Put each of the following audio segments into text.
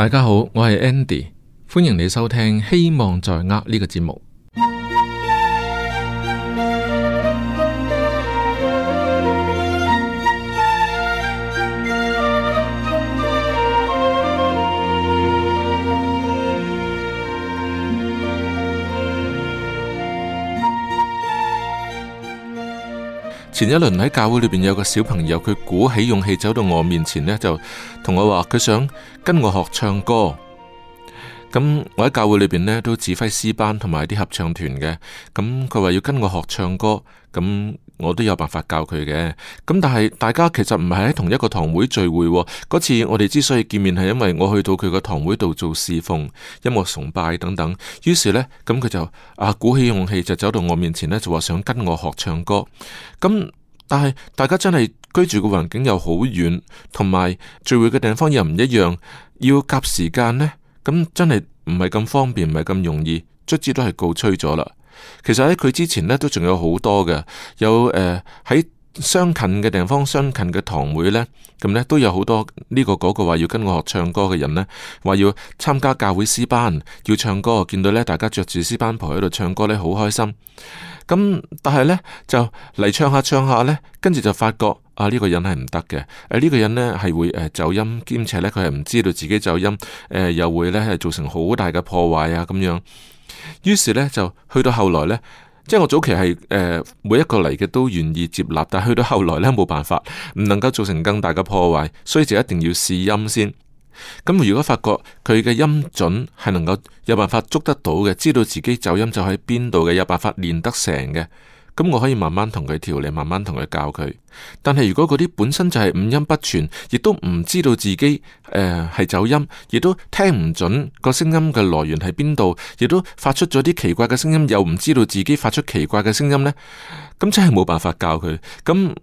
大家好，我係 Andy，歡迎你收聽《希望在握》呢個節目。前一輪喺教會裏邊有個小朋友，佢鼓起勇氣走到我面前呢，就同我話佢想跟我學唱歌。咁我喺教會裏邊呢，都指揮詩班同埋啲合唱團嘅，咁佢話要跟我學唱歌，咁。我都有辦法教佢嘅，咁但係大家其實唔係喺同一個堂會聚會喎。嗰次我哋之所以見面，係因為我去到佢個堂會度做侍奉，音樂崇拜等等。於是呢，咁佢就啊鼓起勇氣就走到我面前呢，就話想跟我學唱歌。咁但係大家真係居住嘅環境又好遠，同埋聚會嘅地方又唔一樣，要夾時間呢，咁真係唔係咁方便，唔係咁容易，卒之都係告吹咗啦。其實喺佢之前咧，都仲有好多嘅，有誒喺相近嘅地方、相近嘅堂會呢。咁呢都有好多呢個嗰個話要跟我學唱歌嘅人呢，話要參加教會詩班要唱歌，見到呢大家着住詩班袍喺度唱歌呢，好開心。咁但係呢，就嚟唱下唱下呢，跟住就發覺啊呢個人係唔得嘅，誒、啊、呢個人呢係會誒走音，兼且呢佢係唔知道自己走音，呃、又會呢係造成好大嘅破壞啊咁樣。於是呢，就去到後來呢，即係我早期係誒、呃、每一個嚟嘅都願意接納，但去到後來呢，冇辦法，唔能夠造成更大嘅破壞，所以就一定要試音先。咁如果發覺佢嘅音準係能夠有辦法捉得到嘅，知道自己走音就喺邊度嘅，有辦法練得成嘅。咁我可以慢慢同佢調理，慢慢同佢教佢。但係如果嗰啲本身就係五音不全，亦都唔知道自己誒係、呃、走音，亦都聽唔準個聲音嘅來源喺邊度，亦都發出咗啲奇怪嘅聲音，又唔知道自己發出奇怪嘅聲音呢，咁真係冇辦法教佢。咁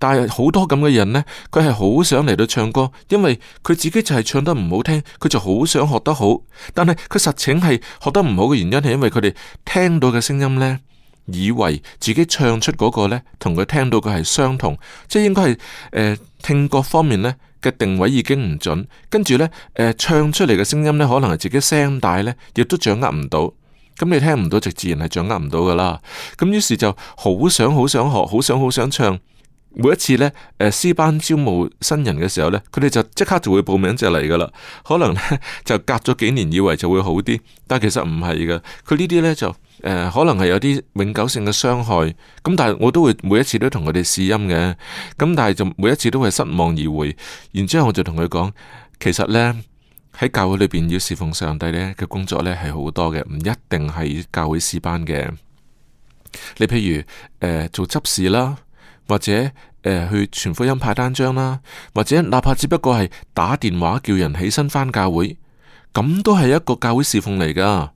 但係好多咁嘅人呢，佢係好想嚟到唱歌，因為佢自己就係唱得唔好聽，佢就好想學得好。但係佢實情係學得唔好嘅原因，係因為佢哋聽到嘅聲音呢。以為自己唱出嗰個呢，同佢聽到嘅係相同，即係應該係誒、呃、聽覺方面呢嘅定位已經唔準，跟住呢，誒、呃、唱出嚟嘅聲音呢，可能係自己聲帶呢，亦都掌握唔到，咁你聽唔到就自然係掌握唔到噶啦。咁於是就好想好想學，好想好想唱。每一次呢，誒、呃、詩班招募新人嘅時候呢，佢哋就即刻就會報名就嚟噶啦。可能呢，就隔咗幾年以為就會好啲，但其實唔係嘅。佢呢啲呢，就。呃、可能係有啲永久性嘅傷害，咁但係我都會每一次都同佢哋試音嘅，咁但係就每一次都係失望而回。然之後我就同佢講，其實呢，喺教會裏邊要侍奉上帝呢嘅工作呢係好多嘅，唔一定係教會詩班嘅。你譬如、呃、做執事啦，或者、呃、去傳福音派單張啦，或者哪怕只不過係打電話叫人起身返教會，咁都係一個教會侍奉嚟噶。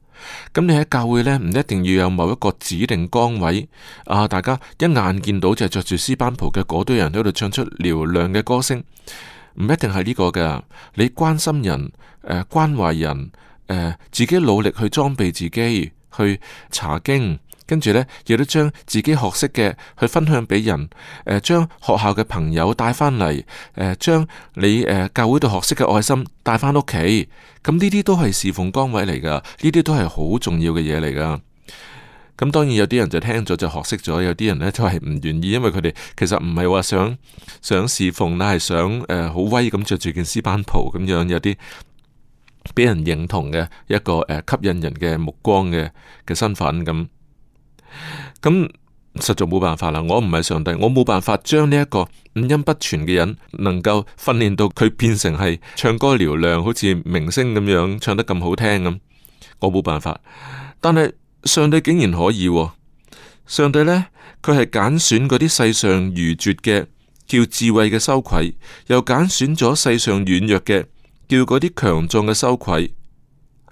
咁你喺教會呢，唔一定要有某一個指定崗位，啊，大家一眼見到就係着住詩班袍嘅嗰堆人喺度唱出嘹亮嘅歌聲，唔一定係呢個㗎。你關心人，誒、呃，關懷人，誒、呃，自己努力去裝備自己，去查經。跟住呢，亦都將自己學識嘅去分享俾人。誒、呃，將學校嘅朋友帶翻嚟。誒、呃，將你誒、呃、教會度學識嘅愛心帶翻屋企。咁呢啲都係侍奉崗位嚟噶，呢啲都係好重要嘅嘢嚟噶。咁、嗯、當然有啲人就聽咗就學識咗，有啲人呢都係唔願意，因為佢哋其實唔係話想想侍奉，嗱係想誒好、呃、威咁着住件斯班袍咁樣，有啲俾人認同嘅一個誒吸引人嘅目光嘅嘅身份咁。咁實在冇辦法啦！我唔係上帝，我冇辦法將呢一個五音不全嘅人，能夠訓練到佢變成係唱歌嘹亮，好似明星咁樣唱得咁好聽咁，我冇辦法。但係上帝竟然可以，啊，上帝呢，佢係揀選嗰啲世上愚拙嘅叫智慧嘅羞愧，又揀選咗世上軟弱嘅叫嗰啲強壯嘅羞愧。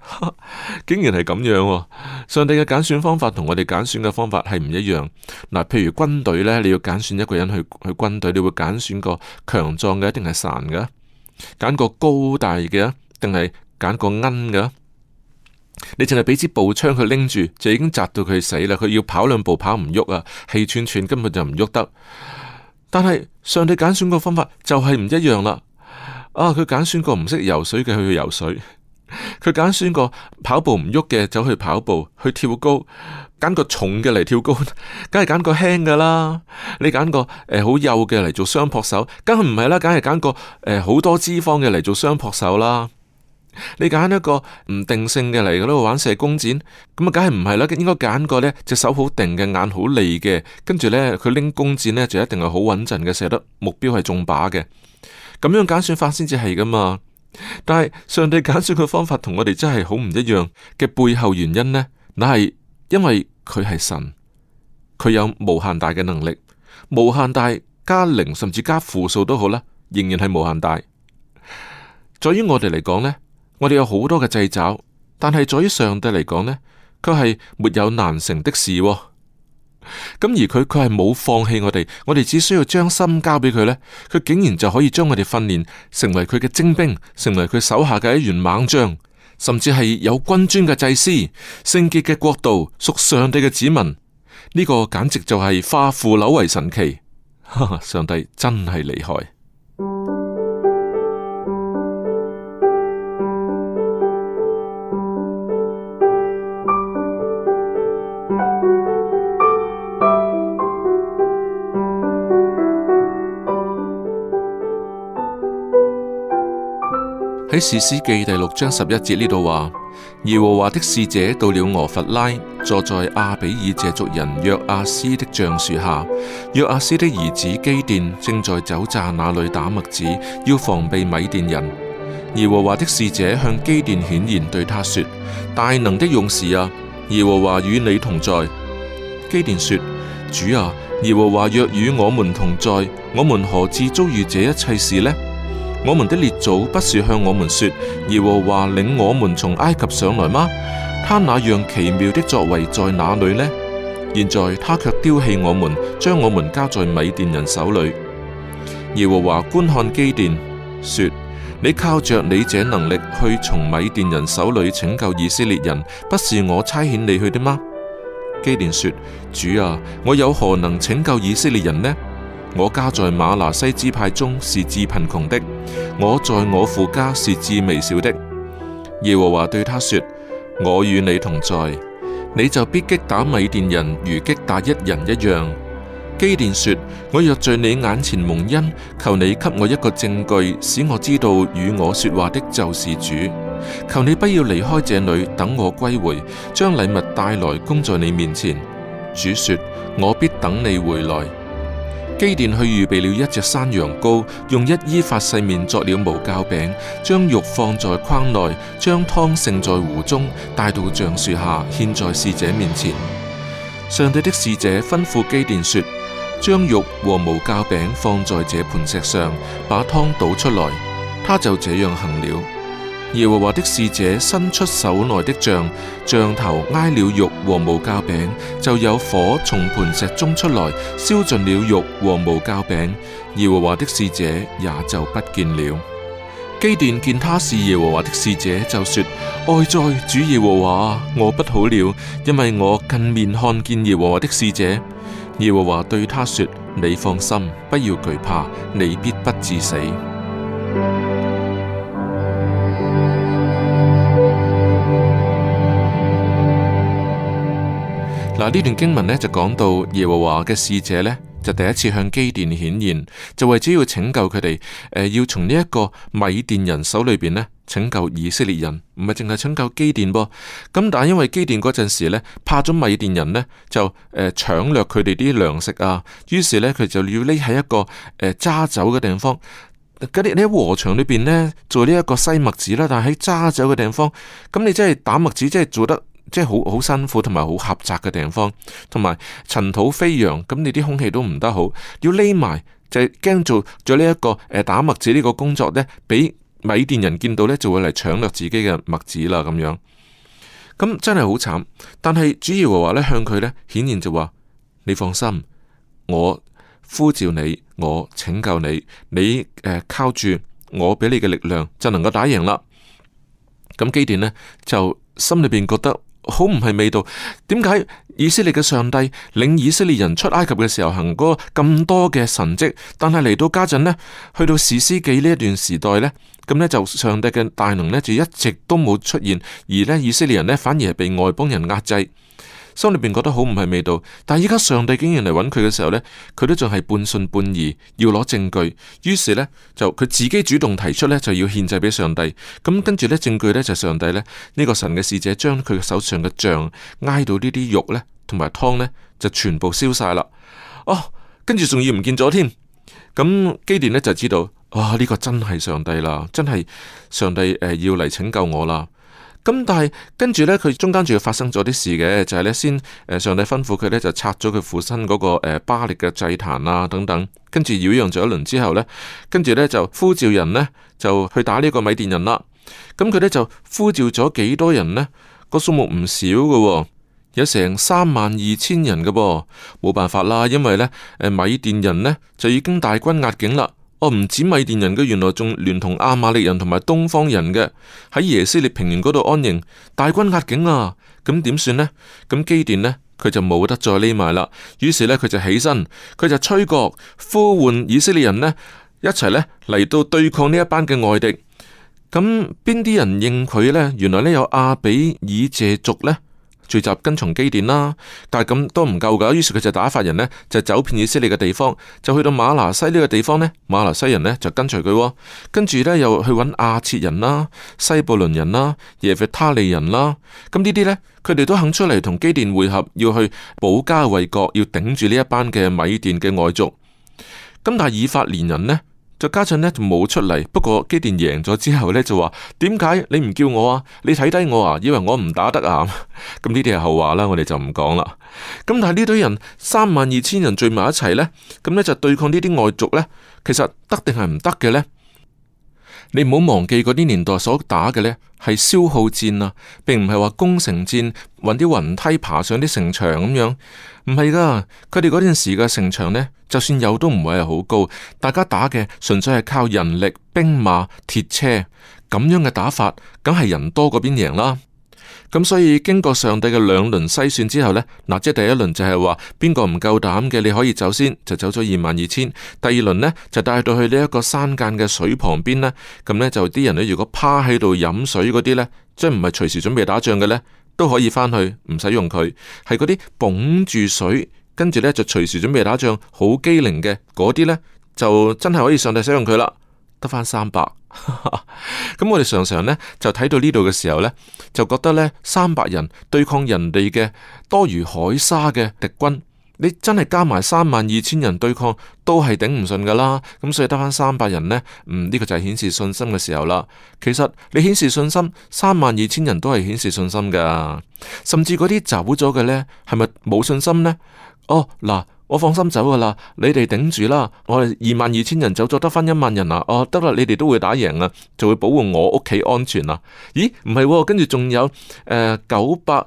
竟然係咁樣、啊，上帝嘅揀選方法同我哋揀選嘅方法係唔一樣。嗱、啊，譬如軍隊呢，你要揀選一個人去去軍隊，你會揀選個強壯嘅，一定係孱嘅，揀個高大嘅，定係揀個奀嘅。你淨係俾支步槍佢拎住，就已經扎到佢死啦。佢要跑兩步跑唔喐啊，氣喘喘，根本就唔喐得。但係上帝揀選個方法就係唔一樣啦。啊，佢揀選個唔識游水嘅去去游水。佢揀選個跑步唔喐嘅，走去跑步，去跳高揀個重嘅嚟跳高，梗係揀個輕噶啦。你揀個誒好、呃、幼嘅嚟做雙撲手，梗係唔係啦。梗係揀個誒好、呃、多脂肪嘅嚟做雙撲手啦。你揀一個唔定性嘅嚟嗰度玩射弓箭，咁啊梗係唔係啦。應該揀個呢隻手好定嘅、眼好利嘅，跟住呢，佢拎弓箭呢就一定係好穩陣嘅，射得目標係中靶嘅。咁樣揀選法先至係噶嘛。但係上帝揀選嘅方法同我哋真係好唔一樣嘅，背後原因呢？那係因為佢係神，佢有無限大嘅能力，無限大加零甚至加負數都好啦，仍然係無限大。在於我哋嚟講呢，我哋有好多嘅掣肘，但係在於上帝嚟講呢，佢係沒有難成的事啊。咁而佢佢係冇放棄我哋，我哋只需要將心交俾佢呢，佢竟然就可以將我哋訓練成為佢嘅精兵，成為佢手下嘅一員猛將，甚至係有君尊嘅祭司、聖潔嘅國度、屬上帝嘅子民。呢、這個簡直就係化腐朽為神奇，哈哈，上帝真係厲害。《士師記》第六章十一節呢度話，耶和華的使者到了俄弗拉，坐在亞比以謝族人約阿斯的橡樹下。約阿斯的兒子基甸正在酒榨那裏打麥子，要防備米甸人。耶和華的使者向基甸顯現，對他說：大能的勇士啊，耶和華與你同在。基甸說：主啊，耶和華若與我們同在，我們何至遭遇這一切事呢？我們的列祖不是向我們說，耶和華領我們從埃及上來嗎？他那樣奇妙的作為在哪裏呢？現在他卻丟棄我們，將我們交在米甸人手裏。耶和華觀看基甸，說：你靠着你這能力去從米甸人手裏拯救以色列人，不是我差遣你去的嗎？基甸說：主啊，我有何能拯救以色列人呢？我家在馬拿西支派中是至貧窮的，我在我父家是至微小的。耶和華對他說：我與你同在，你就必擊打米甸人如擊打一人一樣。基甸說：我若在你眼前蒙恩，求你給我一個證據，使我知道與我說話的就是主。求你不要離開這裏，等我歸回，將禮物帶來供在你面前。主說：我必等你回來。基甸去預備了一隻山羊羔，用一衣法細麵作了無酵餅，將肉放在筐內，將湯盛在壺中，帶到橡樹下獻在侍者面前。上帝的侍者吩咐基甸說：將肉和無酵餅放在這磐石上，把湯倒出來。他就這樣行了。耶和華的使者伸出手內的杖，杖頭挨了肉和無酵餅，就有火從磐石中出來，燒盡了肉和無酵餅，耶和華的使者也就不見了。基甸見他是耶和華的使者，就說：哀哉！主耶和華，我不好了，因為我近面看見耶和華的使者。耶和華對他說：你放心，不要懼怕，你必不至死。嗱，呢段經文呢，就講到耶和華嘅使者呢，就第一次向基甸顯現，就為咗要拯救佢哋，誒、呃、要從呢一個米甸人手裏邊呢，拯救以色列人，唔係淨係拯救基甸噃。咁但係因為基甸嗰陣時呢，怕咗米甸人呢，就誒、呃、搶掠佢哋啲糧食啊，於是呢，佢就要匿喺一個誒揸、呃、走嘅地方。嗰啲你喺禾場裏邊呢，做呢一個西麥子啦，但係喺揸走嘅地方，咁你真係打麥子，真係做得。即係好好辛苦同埋好狹窄嘅地方，同埋塵土飛揚，咁你啲空氣都唔得好，要匿埋，就係、是、驚做咗呢一個誒、呃、打麥子呢個工作呢，俾米甸人見到呢就會嚟搶掠自己嘅麥子啦咁樣。咁真係好慘，但係主要話呢，向佢呢顯現就話，你放心，我呼召你，我拯救你，你誒、呃、靠住我俾你嘅力量，就能夠打贏啦。咁基甸呢，就心裏邊覺得，好唔係味道。點解以色列嘅上帝領以色列人出埃及嘅時候行過咁多嘅神蹟，但係嚟到家陣呢，去到士師記呢一段時代呢，咁呢就上帝嘅大能呢就一直都冇出現，而呢以色列人呢反而係被外邦人壓制。心裏邊覺得好唔係味道，但係依家上帝竟然嚟揾佢嘅時候呢，佢都仲係半信半疑，要攞證據。於是呢，就佢自己主動提出呢，就要獻祭畀上帝。咁、嗯、跟住呢證據呢，就上帝呢，呢、這個神嘅使者將佢手上嘅杖挨到呢啲肉呢同埋湯呢，就全部燒晒啦。哦，跟住仲要唔見咗添。咁、嗯、基甸呢，就知道，哇、哦、呢、這個真係上帝啦，真係上帝誒、呃、要嚟拯救我啦。咁但係跟住呢，佢中間仲要發生咗啲事嘅，就係、是、呢。先，上帝吩咐佢呢，就拆咗佢父親嗰個巴力嘅祭壇啊等等，跟住擾攘咗一輪之後呢，跟住呢，就呼召人呢，就去打呢個米甸人啦。咁、嗯、佢呢，就呼召咗幾多人呢，個數目唔少噶、哦，有成三萬二千人噶噃、哦，冇辦法啦，因為呢，米甸人呢，就已經大軍壓境啦。我唔、哦、止米甸人嘅，原來仲聯同亞瑪力人同埋東方人嘅，喺耶斯列平原嗰度安營，大軍壓境啊！咁點算呢？咁基甸呢，佢就冇得再匿埋啦。於是呢，佢就起身，佢就吹角，呼喚以色列人呢，一齊呢嚟到對抗呢一班嘅外敵。咁邊啲人應佢呢？原來呢，有亞比以謝族呢，聚集跟從基甸啦，但係咁都唔夠噶，於是佢就打發人呢，就是、走遍以色列嘅地方，就去到瑪拿西呢個地方呢，瑪拿西人呢，就跟隨佢，跟住呢又去揾阿切人啦、西布倫人啦、耶弗他利人啦，咁呢啲呢，佢哋都肯出嚟同基甸會合，要去保家衛國，要頂住呢一班嘅米甸嘅外族。咁但係以法蓮人呢。再加上呢就冇出嚟，不過機電贏咗之後呢，就話：點解你唔叫我啊？你睇低我啊？以為我唔打得啊？咁呢啲係後話啦，我哋就唔講啦。咁但係呢堆人三萬二千人聚埋一齊呢，咁呢就對抗呢啲外族呢，其實得定係唔得嘅呢？你唔好忘記嗰啲年代所打嘅呢係消耗戰啊，並唔係話攻城戰，揾啲雲梯爬上啲城牆咁樣，唔係噶。佢哋嗰陣時嘅城牆呢，就算有都唔會係好高，大家打嘅純粹係靠人力、兵馬、鐵車咁樣嘅打法，梗係人多嗰邊贏啦。咁所以經過上帝嘅兩輪篩選之後呢，嗱即係第一輪就係話邊個唔夠膽嘅你可以走先，就走咗二萬二千。第二輪呢，就帶到去呢一個山澗嘅水旁邊呢。咁呢，就啲人呢，如果趴喺度飲水嗰啲呢，即係唔係隨時準備打仗嘅呢，都可以翻去唔使用佢。係嗰啲捧住水跟住呢，就隨時準備打仗好機靈嘅嗰啲呢，就真係可以上帝使用佢啦。得翻三百，咁 我哋常常呢就睇到呢度嘅時候呢，就覺得呢三百人對抗人哋嘅多如海沙嘅敵軍，你真係加埋三萬二千人對抗都係頂唔順噶啦，咁所以得翻三百人呢，嗯呢、這個就係顯示信心嘅時候啦。其實你顯示信心，三萬二千人都係顯示信心噶，甚至嗰啲走咗嘅呢，係咪冇信心呢？哦嗱。我放心走噶啦，你哋頂住啦。我哋二萬二千人走咗，得翻一萬人啦。哦，得啦，你哋都會打贏啊，就會保護我屋企安全啦。咦，唔係跟住仲有誒九百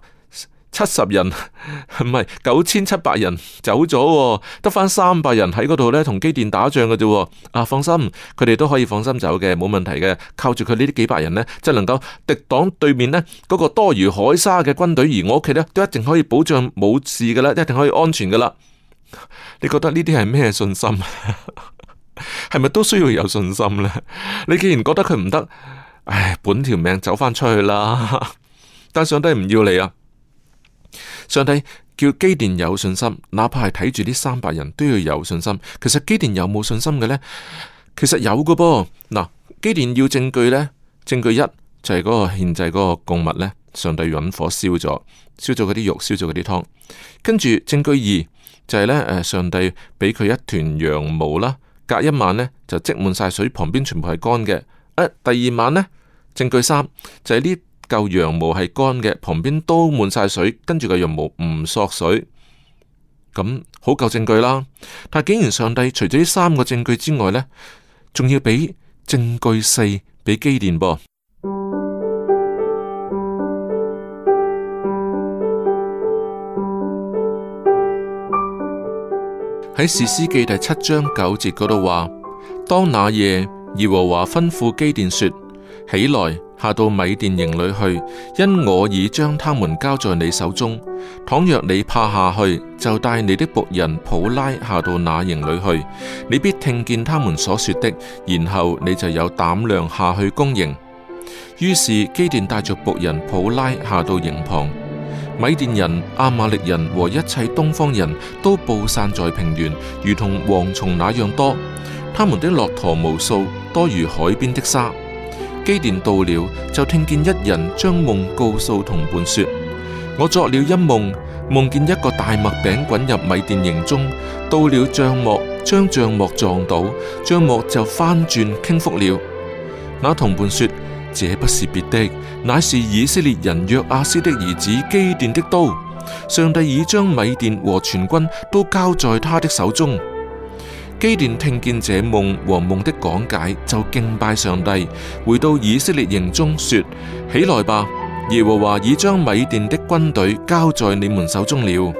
七十人，唔係九千七百人走咗，哦，得翻三百人喺嗰度咧，同基甸打仗嘅啫，哦。啊，放心，佢哋都可以放心走嘅，冇問題嘅。靠住佢呢啲幾百人呢，即係能夠敵擋對面呢嗰、嗰個多如海沙嘅軍隊，而我屋企呢，都一定可以保障冇事噶啦，一定可以安全噶啦。你覺得呢啲係咩信心？係 咪都需要有信心呢？ 你既然覺得佢唔得，唉，本條命走返出去啦。 但上帝唔要你啊！上帝叫基甸有信心，哪怕係睇住呢三百人都要有信心。其實基甸有冇信心嘅呢？其實有嘅噃嗱。基甸要證據呢，證據一就係、是、嗰個獻祭嗰個供物呢。上帝用火燒咗，燒咗嗰啲肉，燒咗嗰啲湯，跟住證據二。就係呢，誒，上帝俾佢一團羊毛啦，隔一晚呢就積滿晒水，旁邊全部係乾嘅。啊，第二晚呢，證據三就係呢嚿羊毛係乾嘅，旁邊都滿晒水，跟住個羊毛唔索水，咁好夠證據啦。但係竟然上帝除咗呢三個證據之外呢，仲要俾證據四俾基甸噃。喺士師記第七章九節嗰度話：當那夜，耶和華吩咐基甸說：起來，下到米甸營裏去，因我已將他們交在你手中。倘若你怕下去，就帶你的僕人普拉下到那營裏去，你必聽見他們所說的，然後你就有膽量下去攻營。於是基甸帶着僕人普拉下到營旁。米甸人、阿瑪力人和一切東方人都布散在平原，如同蝗蟲那樣多。他們的駱駝無數，多如海邊的沙。基甸到了，就聽見一人將夢告訴同伴說：我作了一夢，夢見一個大麥餅滾入米甸營中，到了帳幕，將帳幕撞倒，帳幕就翻轉傾覆了。那同伴說。這不是別的，乃是以色列人約阿斯的兒子基甸的刀。上帝已將米甸和全軍都交在他的手中。基甸聽見這夢和夢的講解，就敬拜上帝，回到以色列營中說：起來吧，耶和華已將米甸的軍隊交在你們手中了。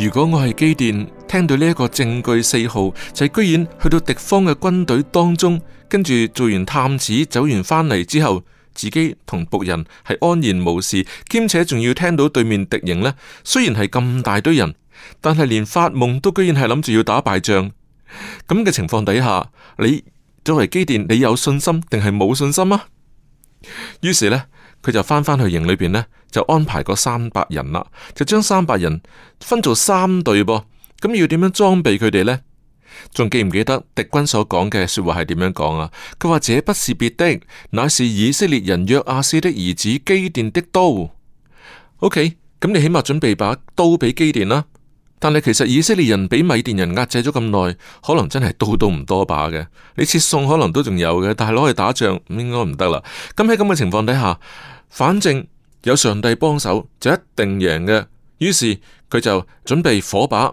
如果我係機電，聽到呢一個證據四號，就是，居然去到敵方嘅軍隊當中，跟住做完探子，走完翻嚟之後，自己同僕人係安然無事，兼且仲要聽到對面敵營呢。雖然係咁大堆人，但係連發夢都居然係諗住要打敗仗，咁嘅情況底下，你作為機電，你有信心定係冇信心啊？於是呢。佢就返返去營裏邊呢，就安排嗰三百人啦，就將三百人分做三隊噃。咁要點樣裝備佢哋呢？仲記唔記得敵軍所講嘅說話係點樣講啊？佢話這不是別的，乃是以色列人約阿斯的兒子基甸的刀。OK，咁你起碼準備把刀俾基甸啦。但係其實以色列人畀米甸人壓制咗咁耐，可能真係刀都唔多把嘅。你切送可能都仲有嘅，但係攞去打仗應該唔得啦。咁喺咁嘅情況底下，反正有上帝幫手就一定贏嘅。於是佢就準備火把，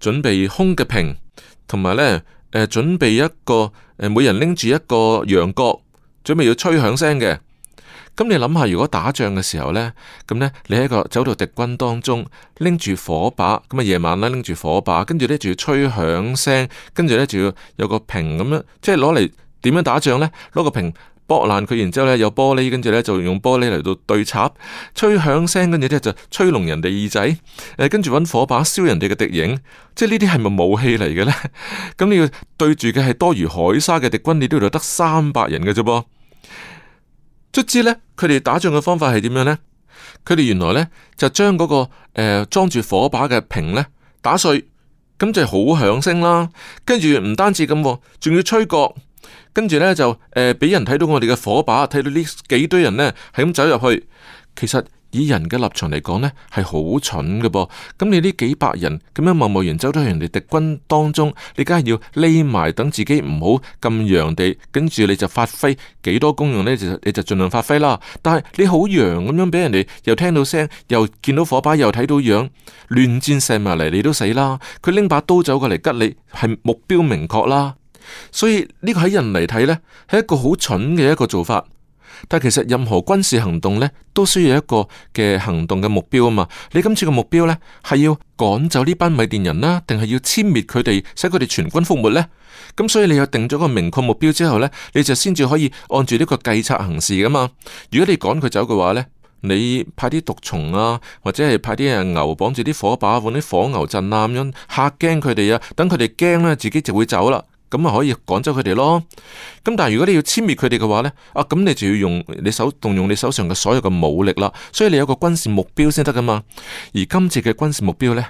準備空嘅瓶，同埋咧誒，準備一個誒、呃，每人拎住一個羊角，準備要吹響聲嘅。咁你諗下，如果打仗嘅時候呢，咁呢，你喺個走到敵軍當中，拎住火把，咁啊夜晚呢拎住火把，跟住呢仲要吹響聲，跟住呢仲要有個瓶咁樣，即係攞嚟點樣打仗呢？攞個瓶剝爛佢，然之後呢有玻璃，跟住呢就用玻璃嚟到對插，吹響聲，跟住呢就吹聾人哋耳仔，誒，跟住搵火把燒人哋嘅敵影，即係呢啲係咪武器嚟嘅呢？咁你要對住嘅係多如海沙嘅敵軍，你都要得三百人嘅啫噃。卒之，呢佢哋打仗嘅方法係點樣呢？佢哋原來呢就將嗰、那個誒裝住火把嘅瓶呢打碎，咁就好響聲啦。跟住唔單止咁，仲要吹角，跟住呢就誒俾、呃、人睇到我哋嘅火把，睇到呢幾堆人呢係咁走入去。其實以人嘅立場嚟講呢係好蠢嘅噃。咁你呢幾百人咁樣貿貿然走咗去人哋敵軍當中，你梗係要匿埋等自己唔好咁揚地，跟住你就發揮幾多功用呢？你就盡量發揮啦。但係你好揚咁樣俾人哋又聽到聲，又見到火把，又睇到樣，亂箭射埋嚟，你都死啦。佢拎把刀走過嚟吉你，係目標明確啦。所以呢個喺人嚟睇呢，係一個好蠢嘅一個做法。但其實任何軍事行動呢，都需要一個嘅行動嘅目標啊嘛，你今次嘅目標呢，係要趕走呢班米甸人啦，啊，定係要殲滅佢哋，使佢哋全軍覆沒呢？咁所以你有定咗個明確目標之後呢，你就先至可以按住呢個計策行事噶嘛。如果你趕佢走嘅話呢，你派啲毒蟲啊，或者係派啲人牛綁住啲火把，揾啲火牛陣啊咁樣吓驚佢哋啊，等佢哋驚呢，自己就會走啦。咁咪可以趕走佢哋咯。咁但係如果你要殲滅佢哋嘅話呢，啊咁你就要用你手動，用你手上嘅所有嘅武力啦。所以你有個軍事目標先得㗎嘛。而今次嘅軍事目標呢，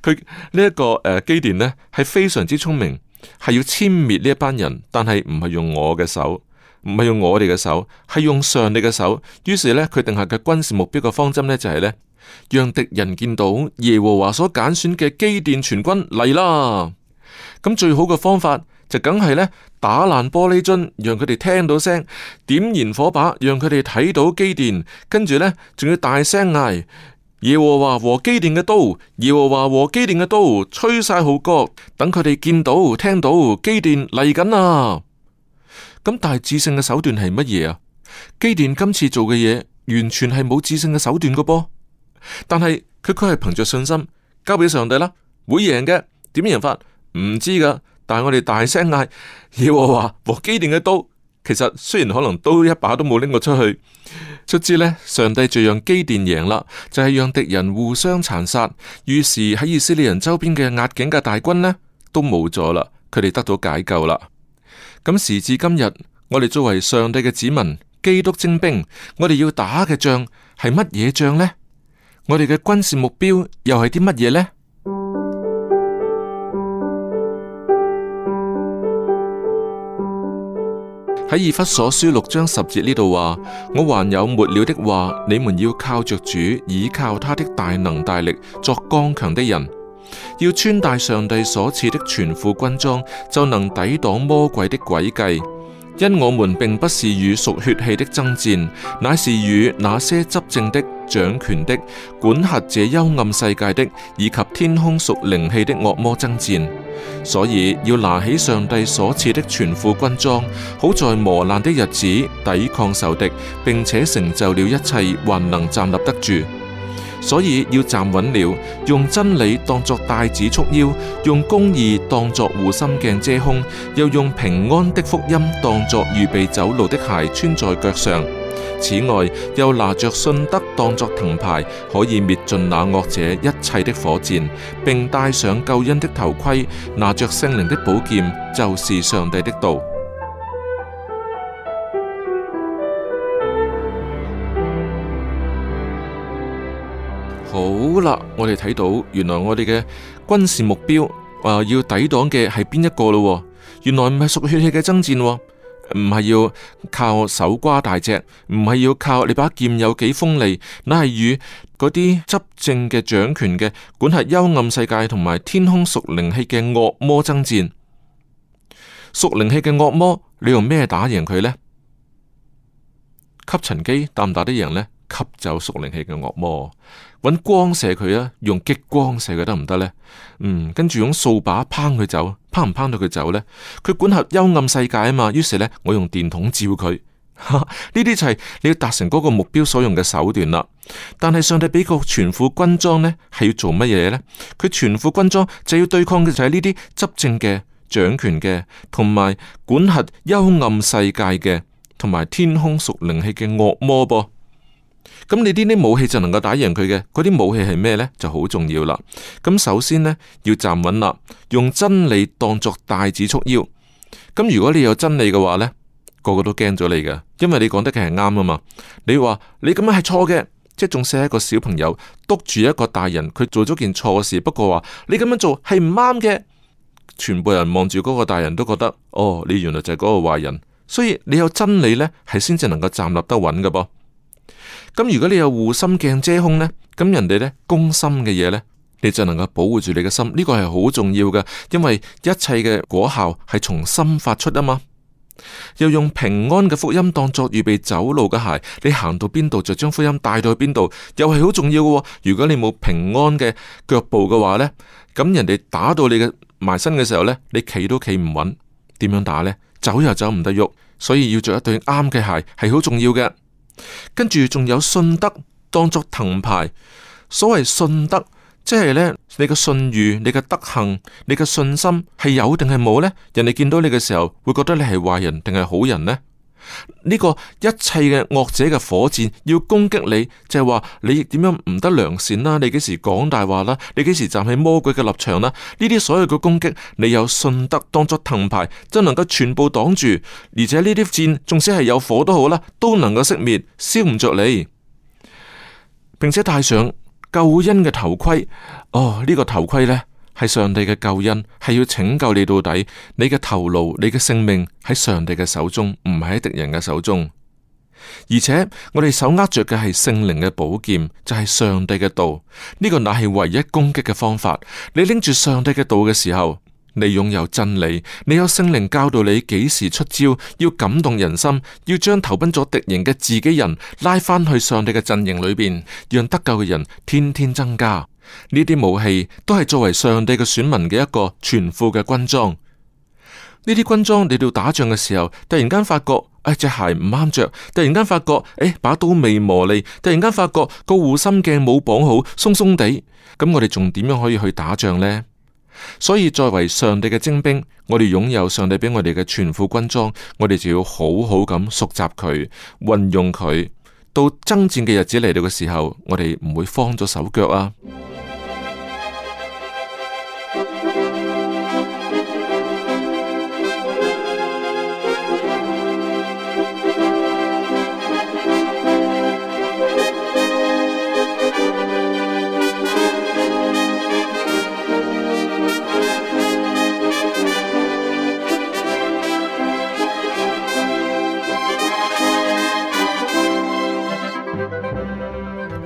佢呢一個誒、呃、基甸呢係非常之聰明，係要殲滅呢一班人，但係唔係用我嘅手，唔係用我哋嘅手，係用上帝嘅手。於是呢，佢定下嘅軍事目標嘅方針呢，就係、是、呢：讓敵人見到耶和華所揀選嘅基甸全軍嚟啦。咁最好嘅方法就梗係呢，打爛玻璃樽，讓佢哋聽到聲；點燃火把，讓佢哋睇到基甸。跟住呢，仲要大聲嗌：耶和華和基甸嘅刀，耶和華和基甸嘅刀，吹晒號角，等佢哋見到、聽到基甸嚟緊啊。咁大智勝嘅手段係乜嘢啊？基甸今次做嘅嘢完全係冇智勝嘅手段嘅噃，但係佢佢係憑着信心交俾上帝啦，會贏嘅。點贏法？唔知噶，但係我哋大聲嗌，耶和華和基甸嘅刀，其實雖然可能刀一把都冇拎過出去，出之呢，上帝就讓基甸贏啦，就係、是、讓敵人互相殘殺。於是喺以色列人周邊嘅壓境嘅大軍呢，都冇咗啦，佢哋得到解救啦。咁時至今日，我哋作為上帝嘅子民，基督精兵，我哋要打嘅仗係乜嘢仗呢？我哋嘅軍事目標又係啲乜嘢呢？喺以弗所書六章十節呢度話，我還有末了的話，你們要靠着主，依靠他的大能大力，作剛強的人，要穿戴上帝所賜的全副軍裝，就能抵擋魔鬼的詭計。因我們並不是與屬血氣的爭戰，乃是與那些執政的、掌權的、管轄這幽暗世界的，以及天空屬靈氣的惡魔爭戰，所以要拿起上帝所賜的全副軍裝，好在磨難的日子抵抗仇敵，並且成就了一切，還能站立得住。所以要站穩了，用真理當作帶子束腰，用公義當作護心鏡遮胸，又用平安的福音當作預備走路的鞋穿在腳上。此外，又拿着信德當作藤牌，可以滅盡那惡者一切的火箭，並戴上救恩的頭盔，拿着聖靈的寶劍，就是上帝的道。好啦，我哋睇到原來我哋嘅軍事目標啊、呃，要抵擋嘅係邊一個咯，哦？原來唔係屬血氣嘅爭戰，哦，唔係要靠手瓜大隻，唔係要靠你把劍有幾鋒利，乃係與嗰啲執政嘅掌權嘅管轄、幽暗世界同埋天空屬靈氣嘅惡魔爭戰。屬靈氣嘅惡魔，你用咩打贏佢呢？吸塵機打唔打得贏呢？吸走屬靈氣嘅惡魔，揾光射佢啊，用激光射佢得唔得呢？嗯，跟住用掃把抨佢走，抨唔抨到佢走呢？佢管轄幽暗世界啊嘛。於是呢，我用電筒照佢，呢啲就係你要達成嗰個目標所用嘅手段啦。但係上帝俾個全副軍裝呢，係要做乜嘢呢？佢全副軍裝就要對抗嘅就係呢啲執政嘅掌權嘅，同埋管轄幽暗世界嘅，同埋天空屬靈氣嘅惡魔噃。咁你啲啲武器就能夠打贏佢嘅，嗰啲武器係咩呢？就好重要啦。咁首先呢，要站穩啦，用真理當作帶子束腰。咁如果你有真理嘅話呢，個個都驚咗你嘅，因為你講得嘅係啱啊嘛。你話你咁樣係錯嘅，即仲寫一個小朋友督住一個大人，佢做咗件錯事，不過話你咁樣做係唔啱嘅，全部人望住嗰個大人都覺得哦，你原來就係嗰個壞人，所以你有真理呢，係先至能夠站立得穩嘅噃。咁如果你有護心鏡遮胸呢，咁人哋呢，攻心嘅嘢呢，你就能夠保護住你嘅心，呢個係好重要嘅，因為一切嘅果效係從心發出啊嘛。又用平安嘅福音當作預備走路嘅鞋，你行到邊度就將福音帶到去邊度，又係好重要嘅。如果你冇平安嘅腳步嘅話呢，咁人哋打到你嘅埋身嘅時候呢，你企都企唔穩，點樣打呢？走又走唔得喐，所以要着一對啱嘅鞋係好重要嘅。跟住仲有信德當作藤牌，所謂信德即係呢：你嘅信譽、你嘅德行、你嘅信心係有定係冇呢？人哋見到你嘅時候，會覺得你係壞人定係好人呢？呢個一切嘅惡者嘅火箭要攻擊你，就係、是、話你亦點樣唔得良善啦？你幾時講大話啦？你幾時站喺魔鬼嘅立場啦？呢啲所有嘅攻擊，你有信德當作盾牌，就能夠全部擋住。而且呢啲箭，縱使係有火都好啦，都能夠熄滅，燒唔着你，並且戴上救恩嘅頭盔。哦，呢、這個頭盔呢？係上帝嘅救恩，係要拯救你到底。你嘅頭顱、你嘅性命喺上帝嘅手中，唔係喺敵人嘅手中。而且我哋手握着嘅係聖靈嘅寶劍，就係上帝嘅道。呢個乃係唯一攻擊嘅方法。你拎住上帝嘅道嘅時候，你擁有真理，你有聖靈教導你幾時出招，要感動人心，要將投奔咗敵人嘅自己人拉返去上帝嘅陣營裏邊，讓得救嘅人天天增加。呢啲武器都係作為上帝嘅選民嘅一個全副嘅軍裝。呢啲軍裝，嚟到打仗嘅時候，突然間發覺，哎，隻鞋唔啱着；突然間發覺，哎，把刀未磨利；突然間發覺個護心鏡冇綁好，松鬆地。咁我哋仲點樣可以去打仗呢？所以，作為上帝嘅精兵，我哋擁有上帝俾我哋嘅全副軍裝，我哋就要好好咁熟習佢，運用佢到爭戰嘅日子嚟到嘅時候，我哋唔會慌咗手腳啊！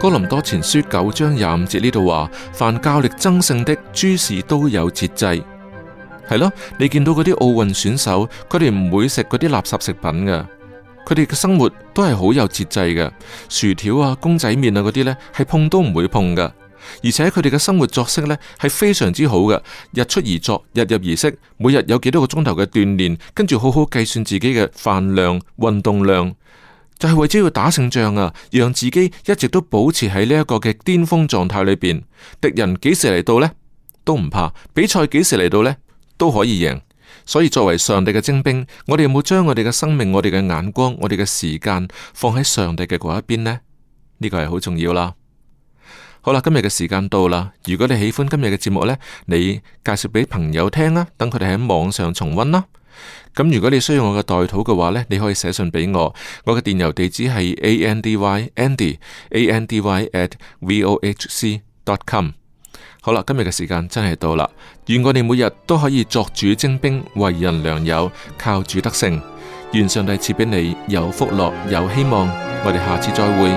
《哥林多前書》九章廿五節呢度話：凡較力爭勝的諸事都有節制，係咯。你見到嗰啲奧運選手，佢哋唔會食嗰啲垃圾食品噶，佢哋嘅生活都係好有節制嘅。薯條啊、公仔麵啊嗰啲呢，係碰都唔會碰噶。而且佢哋嘅生活作息呢，係非常之好嘅，日出而作，日入而息，每日有幾多個鐘頭嘅鍛煉，跟住好好計算自己嘅飯量、運動量。就係為咗要打勝仗啊，讓自己一直都保持喺呢一個嘅巔峰狀態裏邊。敵人幾時嚟到呢？都唔怕，比賽幾時嚟到呢？都可以贏。所以作為上帝嘅精兵，我哋有冇將我哋嘅生命、我哋嘅眼光、我哋嘅時間放喺上帝嘅嗰一邊呢？呢個係好重要啦。好啦，今日嘅時間到啦。如果你喜歡今日嘅節目呢，你介紹俾朋友聽啦，等佢哋喺網上重温啦。咁如果你需要我嘅代禱嘅話呢，你可以寫信俾我，我嘅電郵地址係 andyandyandyatvohc.com。好啦，今日嘅時間真係到啦，願我哋每日都可以作主精兵，為人良友，靠主得勝。願上帝賜俾你有福樂，有希望。我哋下次再會。